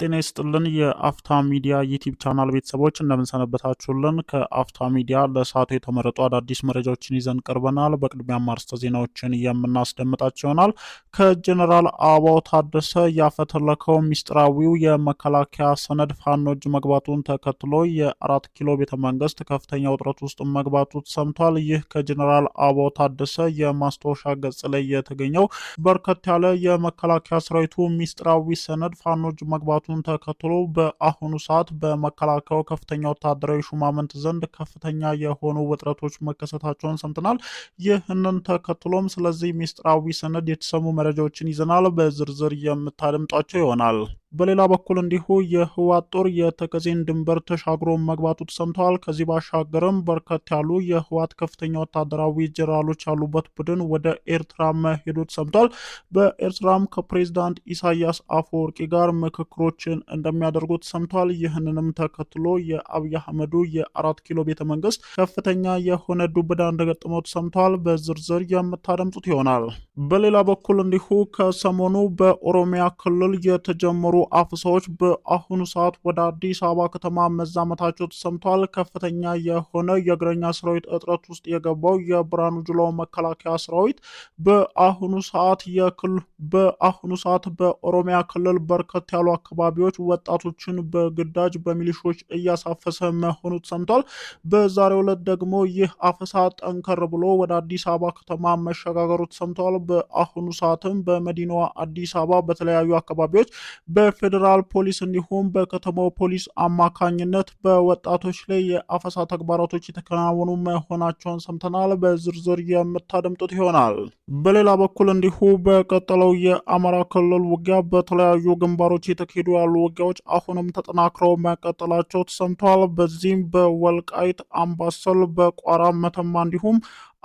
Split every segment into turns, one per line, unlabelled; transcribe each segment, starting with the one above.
ጤና ይስጥልን የአፍታ ሚዲያ ዩቲዩብ ቻናል ቤተሰቦች እንደምንሰነበታችሁልን። ከአፍታ ሚዲያ ለሰዓቱ የተመረጡ አዳዲስ መረጃዎችን ይዘን ቀርበናል። በቅድሚያ ማርስተ ዜናዎችን የምናስደምጣቸው ይሆናል። ከጀኔራል አበባው ታደሰ ያፈተለከው ሚስጥራዊው የመከላከያ ሰነድ ፋኖ እጅ መግባቱን ተከትሎ የአራት ኪሎ ቤተ መንግስት ከፍተኛ ውጥረት ውስጥ መግባቱ ተሰምቷል። ይህ ከጀኔራል አበባው ታደሰ የማስታወሻ ገጽ ላይ የተገኘው በርከት ያለ የመከላከያ ሰራዊቱ ሚስጥራዊ ሰነድ ፋኖ እጅ መግባቱ መውጣቱን ተከትሎ በአሁኑ ሰዓት በመከላከያው ከፍተኛ ወታደራዊ ሹማምንት ዘንድ ከፍተኛ የሆኑ ውጥረቶች መከሰታቸውን ሰምተናል። ይህንን ተከትሎም ስለዚህ ሚስጥራዊ ሰነድ የተሰሙ መረጃዎችን ይዘናል። በዝርዝር የምታደምጧቸው ይሆናል። በሌላ በኩል እንዲሁ የህወሓት ጦር የተከዜን ድንበር ተሻግሮ መግባቱ ተሰምተዋል። ከዚህ ባሻገርም በርከት ያሉ የህወሓት ከፍተኛ ወታደራዊ ጀነራሎች ያሉበት ቡድን ወደ ኤርትራ መሄዱ ተሰምተዋል። በኤርትራም ከፕሬዚዳንት ኢሳያስ አፈወርቂ ጋር ምክክሮችን እንደሚያደርጉ ተሰምተዋል። ይህንንም ተከትሎ የአብይ አህመዱ የአራት ኪሎ ቤተ መንግስት ከፍተኛ የሆነ ዱብዳ እንደገጠመው ተሰምተዋል። በዝርዝር የምታደምጡት ይሆናል። በሌላ በኩል እንዲሁ ከሰሞኑ በኦሮሚያ ክልል የተጀመሩ አፍሳዎች በአሁኑ ሰዓት ወደ አዲስ አበባ ከተማ መዛመታቸው ተሰምቷል። ከፍተኛ የሆነ የእግረኛ ሰራዊት እጥረት ውስጥ የገባው የብርሃኑ ጁላ መከላከያ ሰራዊት በአሁኑ ሰዓት የክልሉ በአሁኑ ሰዓት በኦሮሚያ ክልል በርከት ያሉ አካባቢዎች ወጣቶችን በግዳጅ በሚሊሾች እያሳፈሰ መሆኑ ተሰምቷል። በዛሬው ዕለት ደግሞ ይህ አፈሳ ጠንከር ብሎ ወደ አዲስ አበባ ከተማ መሸጋገሩ ተሰምቷል። በአሁኑ ሰዓትም በመዲናዋ አዲስ አበባ በተለያዩ አካባቢዎች በፌዴራል ፖሊስ እንዲሁም በከተማው ፖሊስ አማካኝነት በወጣቶች ላይ የአፈሳ ተግባራቶች የተከናወኑ መሆናቸውን ሰምተናል። በዝርዝር የምታደምጡት ይሆናል። በሌላ በኩል እንዲሁ በቀጠለው በተጀመረው የአማራ ክልል ውጊያ በተለያዩ ግንባሮች የተካሄዱ ያሉ ውጊያዎች አሁንም ተጠናክረው መቀጠላቸው ተሰምተዋል። በዚህም በወልቃይት አምባሰል፣ በቋራ መተማ እንዲሁም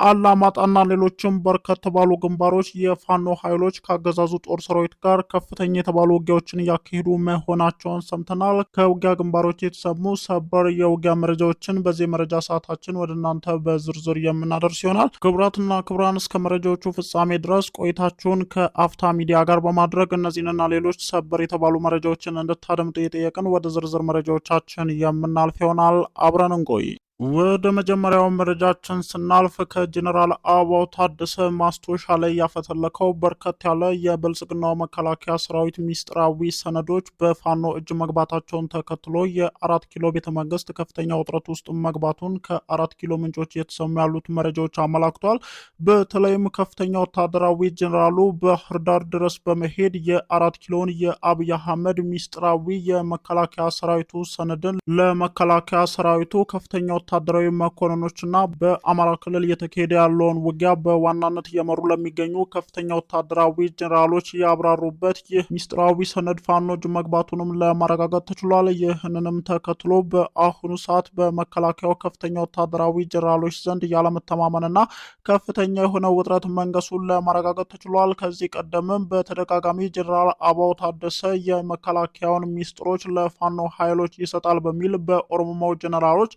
አላማጣና ሌሎችም በርከት ባሉ ግንባሮች የፋኖ ኃይሎች ከአገዛዙ ጦር ሰራዊት ጋር ከፍተኛ የተባሉ ውጊያዎችን እያካሄዱ መሆናቸውን ሰምተናል። ከውጊያ ግንባሮች የተሰሙ ሰበር የውጊያ መረጃዎችን በዚህ መረጃ ሰዓታችን ወደ እናንተ በዝርዝር የምናደርስ ይሆናል። ክቡራትና ክቡራን እስከ መረጃዎቹ ፍጻሜ ድረስ ቆይታችሁን ከአፍታ ሚዲያ ጋር በማድረግ እነዚህንና ሌሎች ሰበር የተባሉ መረጃዎችን እንድታደምጡ የጠየቅን ወደ ዝርዝር መረጃዎቻችን የምናልፍ ይሆናል። አብረን እንቆይ። ወደ መጀመሪያው መረጃችን ስናልፍ ከጀኔራል አበባው ታደሰ ማስታወሻ ላይ ያፈተለከው በርከት ያለ የብልጽግናው መከላከያ ሰራዊት ሚስጥራዊ ሰነዶች በፋኖ እጅ መግባታቸውን ተከትሎ የአራት ኪሎ ቤተ መንግስት ከፍተኛ ውጥረት ውስጥ መግባቱን ከአራት ኪሎ ምንጮች የተሰሙ ያሉት መረጃዎች አመላክቷል። በተለይም ከፍተኛ ወታደራዊ ጀኔራሉ ባህርዳር ድረስ በመሄድ የአራት ኪሎን የአብይ አህመድ ሚስጥራዊ የመከላከያ ሰራዊቱ ሰነድን ለመከላከያ ሰራዊቱ ከፍተኛ ወታደራዊ መኮንኖችና በአማራ ክልል እየተካሄደ ያለውን ውጊያ በዋናነት እየመሩ ለሚገኙ ከፍተኛ ወታደራዊ ጀኔራሎች ያብራሩበት ይህ ሚስጥራዊ ሰነድ ፋኖ እጅ መግባቱንም ለማረጋገጥ ተችሏል። ይህንንም ተከትሎ በአሁኑ ሰዓት በመከላከያው ከፍተኛ ወታደራዊ ጀኔራሎች ዘንድ ያለመተማመንና ከፍተኛ የሆነ ውጥረት መንገሱን ለማረጋገጥ ተችሏል። ከዚህ ቀደምም በተደጋጋሚ ጀኔራል አባው ታደሰ የመከላከያውን ሚስጥሮች ለፋኖ ኃይሎች ይሰጣል በሚል በኦሮሞ ጀኔራሎች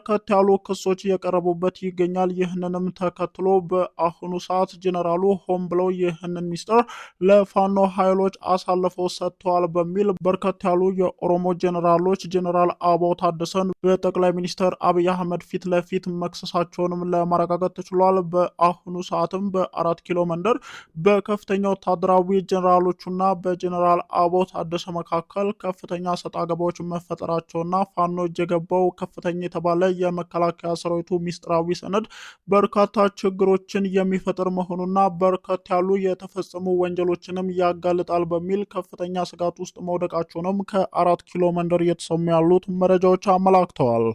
በርከት ያሉ ክሶች እየቀረቡበት ይገኛል። ይህንንም ተከትሎ በአሁኑ ሰዓት ጀነራሉ ሆን ብለው ይህንን ሚስጥር ለፋኖ ኃይሎች አሳልፈው ሰጥተዋል በሚል በርከት ያሉ የኦሮሞ ጀነራሎች ጀነራል አበባው ታደሰን በጠቅላይ ሚኒስትር አብይ አህመድ ፊት ለፊት መክሰሳቸውንም ለማረጋገጥ ተችሏል። በአሁኑ ሰዓትም በአራት ኪሎ መንደር በከፍተኛ ወታደራዊ ጀነራሎቹና በጀነራል አበባው ታደሰ መካከል ከፍተኛ ሰጣ ገባዎች መፈጠራቸውና ፋኖ እጀገባው ከፍተኛ የተባለ የመከላከያ ሰራዊቱ ሚስጥራዊ ሰነድ በርካታ ችግሮችን የሚፈጥር መሆኑና በርከት ያሉ የተፈጸሙ ወንጀሎችንም ያጋልጣል በሚል ከፍተኛ ስጋት ውስጥ መውደቃቸውንም ከአራት ኪሎ መንደር እየተሰሙ ያሉት መረጃዎች አመላክተዋል።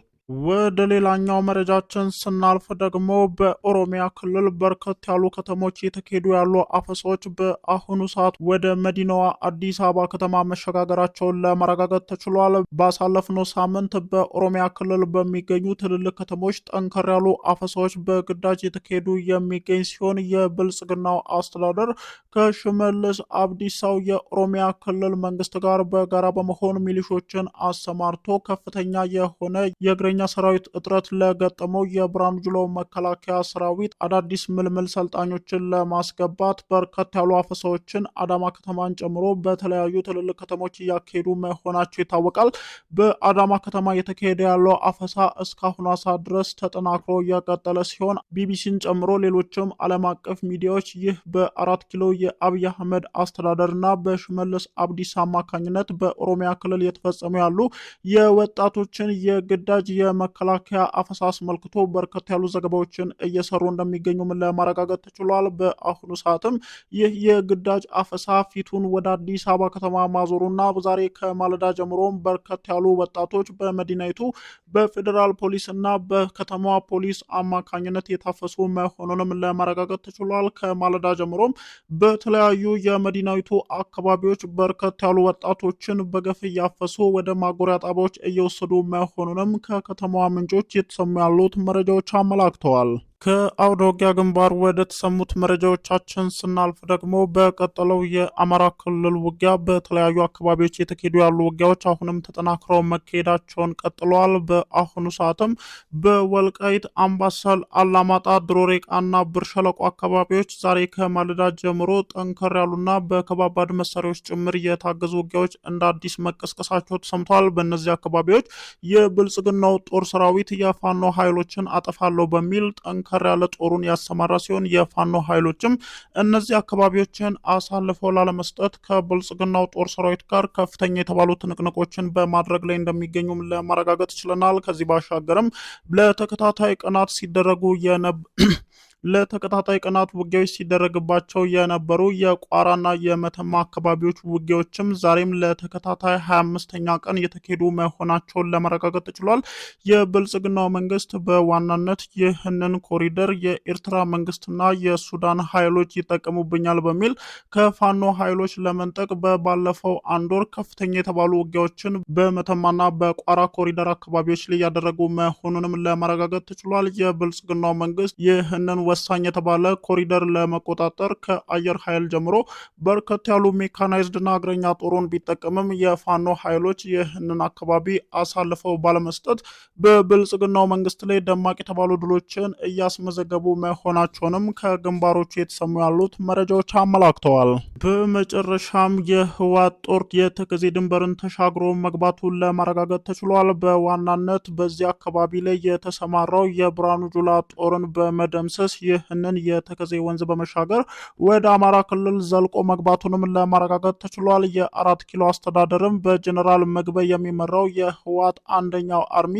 ወደ ሌላኛው መረጃችን ስናልፍ ደግሞ በኦሮሚያ ክልል በርከት ያሉ ከተሞች እየተካሄዱ ያሉ አፈሳዎች በአሁኑ ሰዓት ወደ መዲናዋ አዲስ አበባ ከተማ መሸጋገራቸውን ለማረጋገጥ ተችሏል። ባሳለፍነው ሳምንት በኦሮሚያ ክልል በሚገኙ ትልልቅ ከተሞች ጠንከር ያሉ አፈሳዎች በግዳጅ የተካሄዱ የሚገኝ ሲሆን የብልጽግናው አስተዳደር ከሽመልስ አብዲሳው የኦሮሚያ ክልል መንግስት ጋር በጋራ በመሆን ሚሊሾችን አሰማርቶ ከፍተኛ የሆነ የእግረኛ የመደበኛ ሰራዊት እጥረት ለገጠመው የብራንጅሎ መከላከያ ሰራዊት አዳዲስ ምልምል ሰልጣኞችን ለማስገባት በርከት ያሉ አፈሳዎችን አዳማ ከተማን ጨምሮ በተለያዩ ትልልቅ ከተሞች እያካሄዱ መሆናቸው ይታወቃል። በአዳማ ከተማ እየተካሄደ ያለው አፈሳ እስካሁን አሳ ድረስ ተጠናክሮ እየቀጠለ ሲሆን ቢቢሲን ጨምሮ ሌሎችም ዓለም አቀፍ ሚዲያዎች ይህ በአራት ኪሎ የአብይ አህመድ አስተዳደርና በሽመልስ አብዲስ አማካኝነት በኦሮሚያ ክልል እየተፈጸሙ ያሉ የወጣቶችን የግዳጅ የመከላከያ አፈሳ አስመልክቶ በርከት ያሉ ዘገባዎችን እየሰሩ እንደሚገኙም ለማረጋገጥ ተችሏል። በአሁኑ ሰዓትም ይህ የግዳጅ አፈሳ ፊቱን ወደ አዲስ አበባ ከተማ ማዞሩና ዛሬ ከማለዳ ጀምሮም በርከት ያሉ ወጣቶች በመዲናይቱ በፌዴራል ፖሊስ እና በከተማዋ ፖሊስ አማካኝነት የታፈሱ መሆኑንም ለማረጋገጥ ተችሏል። ከማለዳ ጀምሮም በተለያዩ የመዲናይቱ አካባቢዎች በርከት ያሉ ወጣቶችን በገፍ እያፈሱ ወደ ማጎሪያ ጣቢያዎች እየወሰዱ መሆኑንም ከከ ከከተማዋ ምንጮች የተሰሙ ያሉት መረጃዎች አመላክተዋል። ከአውዶጊያ ግንባር ወደ ተሰሙት መረጃዎቻችን ስናልፍ ደግሞ በቀጠለው የአማራ ክልል ውጊያ በተለያዩ አካባቢዎች የተካሄዱ ያሉ ውጊያዎች አሁንም ተጠናክረው መካሄዳቸውን ቀጥለዋል። በአሁኑ ሰዓትም በወልቃይት አምባሰል፣ አላማጣ፣ ድሮሬቃና ብርሸለቆ አካባቢዎች ዛሬ ከማለዳ ጀምሮ ጠንከር ያሉና በከባባድ መሳሪያዎች ጭምር የታገዙ ውጊያዎች እንደ አዲስ መቀስቀሳቸው ተሰምተዋል። በእነዚህ አካባቢዎች የብልጽግናው ጦር ሰራዊት የፋኖ ኃይሎችን አጠፋለሁ በሚል ጠንከር ጠንከር ያለ ጦሩን ያሰማራ ሲሆን የፋኖ ኃይሎችም እነዚህ አካባቢዎችን አሳልፈው ላለመስጠት ከብልጽግናው ጦር ሰራዊት ጋር ከፍተኛ የተባሉ ትንቅንቆችን በማድረግ ላይ እንደሚገኙም ለማረጋገጥ ችለናል። ከዚህ ባሻገርም ለተከታታይ ቀናት ሲደረጉ የነብ ለተከታታይ ቀናት ውጊያዎች ሲደረግባቸው የነበሩ የቋራና የመተማ አካባቢዎች ውጊያዎችም ዛሬም ለተከታታይ 25ኛ ቀን የተካሄዱ መሆናቸውን ለመረጋገጥ ተችሏል። የብልጽግናው መንግስት በዋናነት ይህንን ኮሪደር የኤርትራ መንግስትና የሱዳን ኃይሎች ይጠቀሙብኛል በሚል ከፋኖ ኃይሎች ለመንጠቅ በባለፈው አንድ ወር ከፍተኛ የተባሉ ውጊያዎችን በመተማና በቋራ ኮሪደር አካባቢዎች ላይ ያደረጉ መሆኑንም ለመረጋገጥ ተችሏል። የብልጽግናው መንግስት ይህንን ወሳኝ የተባለ ኮሪደር ለመቆጣጠር ከአየር ኃይል ጀምሮ በርከት ያሉ ሜካናይዝድና እግረኛ ጦሩን ቢጠቀምም የፋኖ ኃይሎች ይህንን አካባቢ አሳልፈው ባለመስጠት በብልጽግናው መንግስት ላይ ደማቅ የተባሉ ድሎችን እያስመዘገቡ መሆናቸውንም ከግንባሮቹ የተሰሙ ያሉት መረጃዎች አመላክተዋል። በመጨረሻም የህዋት ጦር የተከዜ ድንበርን ተሻግሮ መግባቱን ለማረጋገጥ ተችሏል። በዋናነት በዚህ አካባቢ ላይ የተሰማራው የብርሃኑ ጁላ ጦርን በመደምሰስ ይህንን የተከዜ ወንዝ በመሻገር ወደ አማራ ክልል ዘልቆ መግባቱንም ለማረጋገጥ ተችሏል። የአራት ኪሎ አስተዳደርም በጀኔራል ምግበ የሚመራው የህዋት አንደኛው አርሚ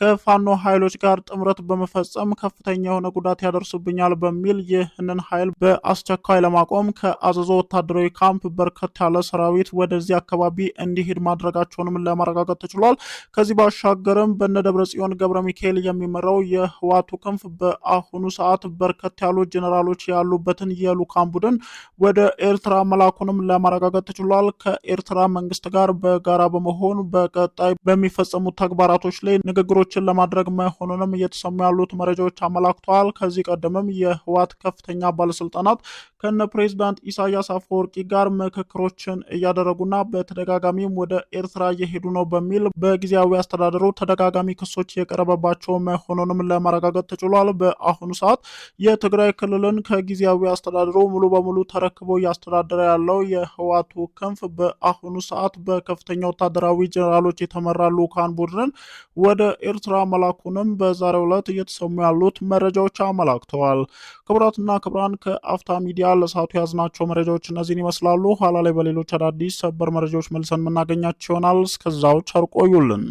ከፋኖ ኃይሎች ጋር ጥምረት በመፈጸም ከፍተኛ የሆነ ጉዳት ያደርሱብኛል በሚል ይህንን ኃይል በአስቸኳይ ለማቆም ከአዘዞ ወታደራዊ ካምፕ በርከት ያለ ሰራዊት ወደዚህ አካባቢ እንዲሄድ ማድረጋቸውንም ለማረጋገጥ ተችሏል። ከዚህ ባሻገርም በነደብረ ጽዮን ገብረ ሚካኤል የሚመራው የህዋቱ ክንፍ በአሁኑ ሰዓት በርከት ያሉ ጀነራሎች ያሉበትን የልዑካን ቡድን ወደ ኤርትራ መላኩንም ለማረጋገጥ ተችሏል። ከኤርትራ መንግስት ጋር በጋራ በመሆን በቀጣይ በሚፈጸሙ ተግባራቶች ላይ ንግግሮችን ለማድረግ መሆኑንም እየተሰሙ ያሉት መረጃዎች አመላክተዋል። ከዚህ ቀደምም የህወሓት ከፍተኛ ባለስልጣናት ከነ ፕሬዚዳንት ኢሳያስ አፈወርቂ ጋር ምክክሮችን እያደረጉና በተደጋጋሚም ወደ ኤርትራ እየሄዱ ነው በሚል በጊዜያዊ አስተዳደሩ ተደጋጋሚ ክሶች የቀረበባቸው መሆኑንም ለማረጋገጥ ተችሏል። በአሁኑ ሰዓት የትግራይ ክልልን ከጊዜያዊ አስተዳደሩ ሙሉ በሙሉ ተረክቦ እያስተዳደረ ያለው የህዋቱ ክንፍ በአሁኑ ሰዓት በከፍተኛ ወታደራዊ ጀኔራሎች የተመራ ልኡካን ቡድንን ወደ ኤርትራ መላኩንም በዛሬው ዕለት እየተሰሙ ያሉት መረጃዎች አመላክተዋል። ክቡራትና ክቡራን ከአፍታ ሚዲያ ለሰዓቱ የያዝናቸው መረጃዎች እነዚህን ይመስላሉ። ኋላ ላይ በሌሎች አዳዲስ ሰበር መረጃዎች መልሰን የምናገኛቸው ይሆናል። እስከዛው ቸር ቆዩልን።